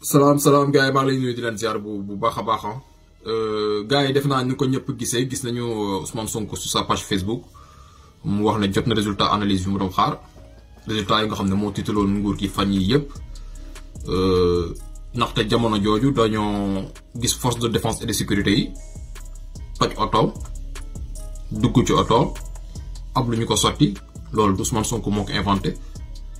salam salam gars yi maa lay nuyu di leen ziar bu bu baax a baax ah. euh, gars def naa ni ko ñëpp gisee gis nañu euh, Ousmane Sonko sur sa page Facebook mu wax na jot na résultat analyse bi mu doon xaar résultat yi nga xamne mo moo nguur ki fan yii euh ndaxte jamono jooju daño gis force de défense et de sécurité yi toj auto dugg ci auto ab lu ñu ko sorti loolu Ousmane Sonko moko ko inventé.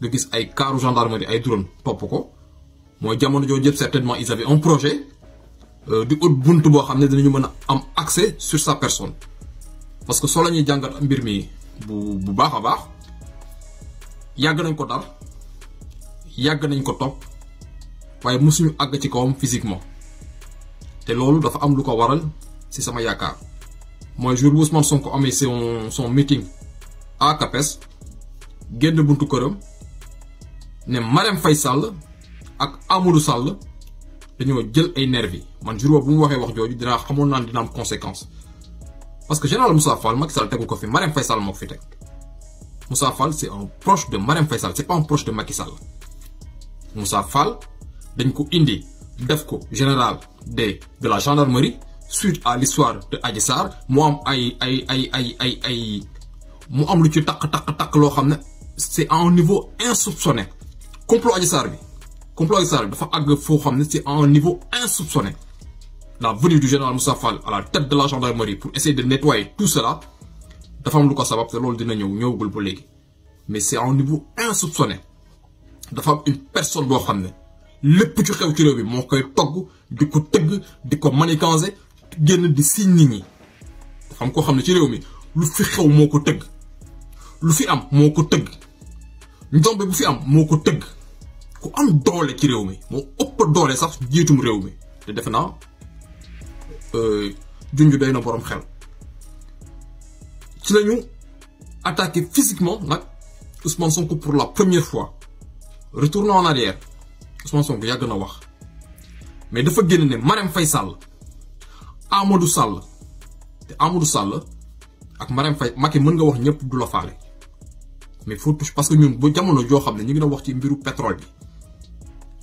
nga gis ay kaaru gendarmerie ay drone top ko moy jamono jojo yëpp certainement ils avaient un projet euh, di ut buntu bo xamne dañu mëna am accès sur sa personne parce que so la jangal mbir mi bu bu baax a baax yàgg nañ ko dal yag nañ ko topp waaye mosuñu ag ci kawam physiquement té loolu dafa am lu ko waral ci sama yakar moy jour Ousmane Sonko amé son son meeting à Capes génn buntu këram ne Marème Faisal ak Amadou Sall dañu jël ay nervi man jour bu mu waxee wax jooju dina xamone nan dina am conséquence parce que général Moussa Fall Macky Sall tegu ko fi Marème Faisal Sall fi teg Moussa Fall c'est un proche de Marème Faisal c'est pas un proche de Macky Sall Moussa Fall dañ ko indi def ko général des de la gendarmerie suite à l'histoire de Adji Sarr mo am ay ay ay ay ay ay mu am lu ci tak tak tak lo xam c'est à un niveau insoupçonné complot Adji Sarr bi complot Adji Sarr bi dafa àgg foo xam ne c'est à un niveau insoupçonné la venue du général Moussa Fall à la tête de la gendarmerie pour essayer de nettoyer tout cela dafa am lu ko sabab te loolu dina ñëw ñëwagul ba léegi mais c'est à un niveau insoupçonné dafa am une personne boo xam ne lépp ci xew ci réew bi moo koy togg di ko tëgg di ko manigancer génn di si nit ñi dafa am koo xam ne ci réew mi lu fi xew moo ko tëgg lu fi am moo ko ndombe bu fi am moo ko ku am doole ci rewmi mo moo doole sax jitum rewmi te def na euh doy na borom xel ci lañu attaqué physiquement nak Ousmane Sonko pour la première fois retournant en arrière Ousmane Sonko yàgg na wax mais dafa génn ne Marème Faye Amadou Sall te Amadou Sall ak Marème Fay Maké mën nga wax ñëpp du la mais faut toucher, parce que nous, ba jamono joo xam ñu ngi wax ci pétrole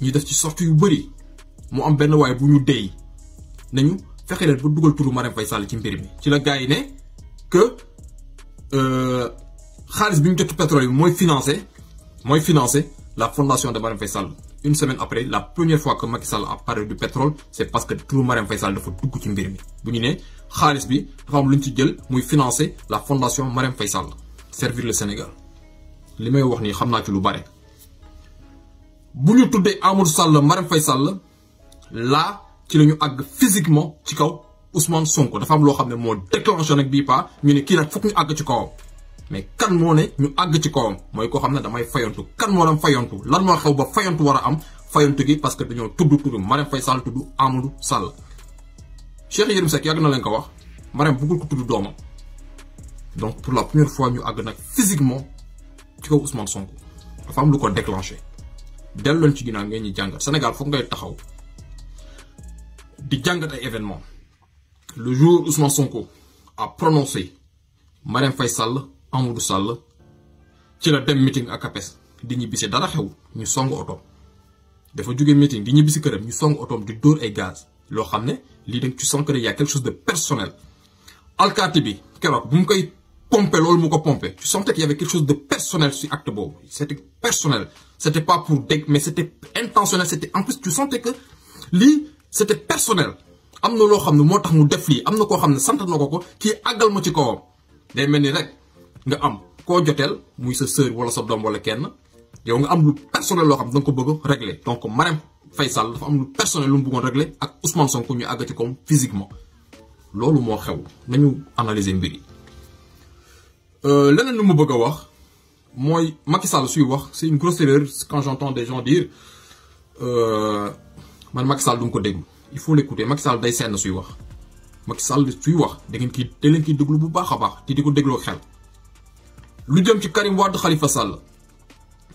nous devons sortir ci sortie yu bëri mu am benn nous bu ñu dey nañu fexe leen pour le turu Marème Faye Sall ci ci la que Charles euh, bi a ci pétrole bi financer, financé financer financé la fondation de marine faisal une semaine après la première fois que Macky Sall a parlé du pétrole c'est parce que tout Marème Faye Sall dafa faut ci mbir le bu ñu ne xaalis bi dafa financé la fondation Marème Faisal, servir le Sénégal li may wax ni xamna ci lu bare buñu ñu tuddee Amadou Sall maram Faye Sall laa ci lañu ñu physiquement ci kaw Ousmane Sonko dafa am lo xam mo moo déclenché nag bii ñu ni ki nak fuk ñu àgg ci kaw mais kan mo ne ñu àgg ci kaw moy ko xam damay fayontu kan mo lam fayontu lan mo xew ba fayontu wara am fayontu gi parce que dañu tuddu tudd maram Faye Sall tudd Amadou Sall Cheikh yirim sak yàgg na leen ko wax Marème bëggul ko tuddu doom donc pour la première fois ñu àgg nak physiquement ci kaw Ousmane Sonko dafa am lu ko déclenché delloon ci ginnaaw ngeen ñi jàngat Sénégal foog ngay taxaw di jàngat ay événements le jour Ousmane Sonko a prononcé Marème Faye Sall Amadou Sall ci la dem meeting ak APES di ñibbisi dara xew ñu song otoom dafa jóge meeting di ñibbisi kërëm ñu song auto di dóor ay gaz lo xamné li dañ ci song que y a quelque chose de personnel alkaati bi keroog bu mu koy pompé loolu mu ko pompé tu sentais qu'il y avait quelque chose de personnel sur acte c'était personnel c'était pas pour dégg mais c'était intentionnel c'était en plus tu sentais que lui, c'était personnel am lo xamne motax mu def li amna ko xamne sant na ko ko ki agal mo ci ko day melni rek nga am ko jotel muy sa sœur wala sa dom wala kenn yow nga am lu personnel lo xamne ne da nga ko bëgg régler donc Marème Faisal, Sall dafa am lu personnel lu mu bëggoon régler ak Ousmane Sonko ñu agati ko physiquement lolu mo xew nañu analyser mbir euh, leneen lu nous bëgg a wax mooy Macky Sall wax c'est une grosse erreur quand j'entends des gens dire euh, man Macky Sall du ko il faut l'écouter Macky Sall day seen suy wax Macky Sall suy wax da ngeen kii qui leen kiy pas bu baax a baax te di ko dégloo xel lu jëm ci Karim Wade Khalifa Sall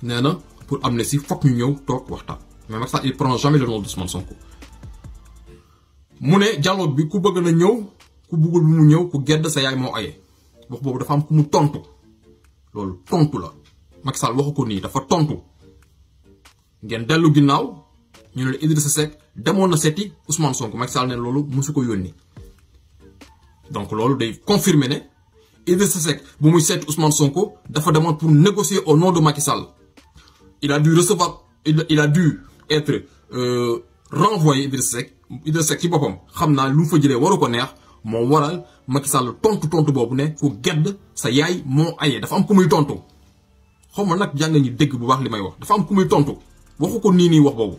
nee pour pour amnistie fokk mignon ñëw toog waxtaan mais Macky Sall il prend jamais le nom de Sonko mu ne dialogue bi ku mignon na ñëw ku bëggul bu mu ku gedd sa yaay moo aye wax boobu dafa am ku mu tontu lolou tontu la Macky Sall waxu ko nii dafa tontu ngeen dellu ginnaw ñu ne Idrissa Seck demoon na setti Ousmane Sonko Macky Sall ne lolou musuko ko donc lolou day confirmer ne Idrissa Seck bu muy setti Ousmane Sonko dafa demoon pour négocier au nom de Macky Sall il a dû recevoir il a dû être euh, renvoyé Idrissa Seck Idrissa Seck ci boppam xamna lu fa jëlee waru neex mo waral Macky Sall tontu tontu ne ku gedd sa yaay mo ayé dafa am kumuy tontu xaw ma nag bu baax limay wax dafa am kumuy tontu ko ni wax boobu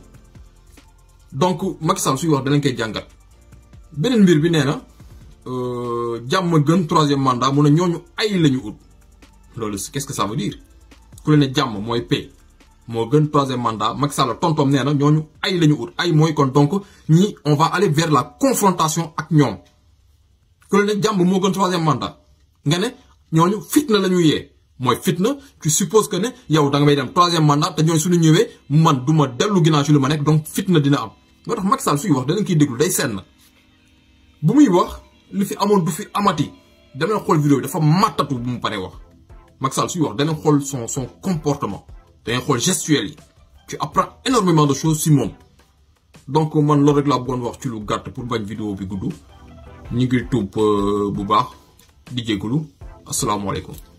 donc Macky Sall suy wax danañ koy mbir bi na euh, gën troisième mandat mo ne ñooñu ay lañu ut qu'est-ce que ça veut dire ku ne jàmm mooy paix 3 mandat Macky Sall ñooñu ay lañu ut ay kon donc on va aller vers la confrontation ak ñom ku ne jàmm moo gën troisième mandat nga ne ñooñu fitna lañu yé moy fitna tu suppose que ne yow da nga may dem troisième mandat te ñooñu suñu ñëwé man duma delu dellu ci lu ma donc fitna dina am. motax tax Macky Sall suy wax danañ kiy déglu day sen bu muy wax li fi amone du fi amati danañ xol vidéo dafa matatu bu mu paré wax Macky Sall suy wax danañ xol son son comportement danañ xol gestuel yi tu apprends énormément de choses Simon. donc man loolu rek laa bëggoon wax ci lu gàtt pour bañ vidéo bi guddou ñu ngi tuub euh, bu baax di jégalu asalaamaaleykum.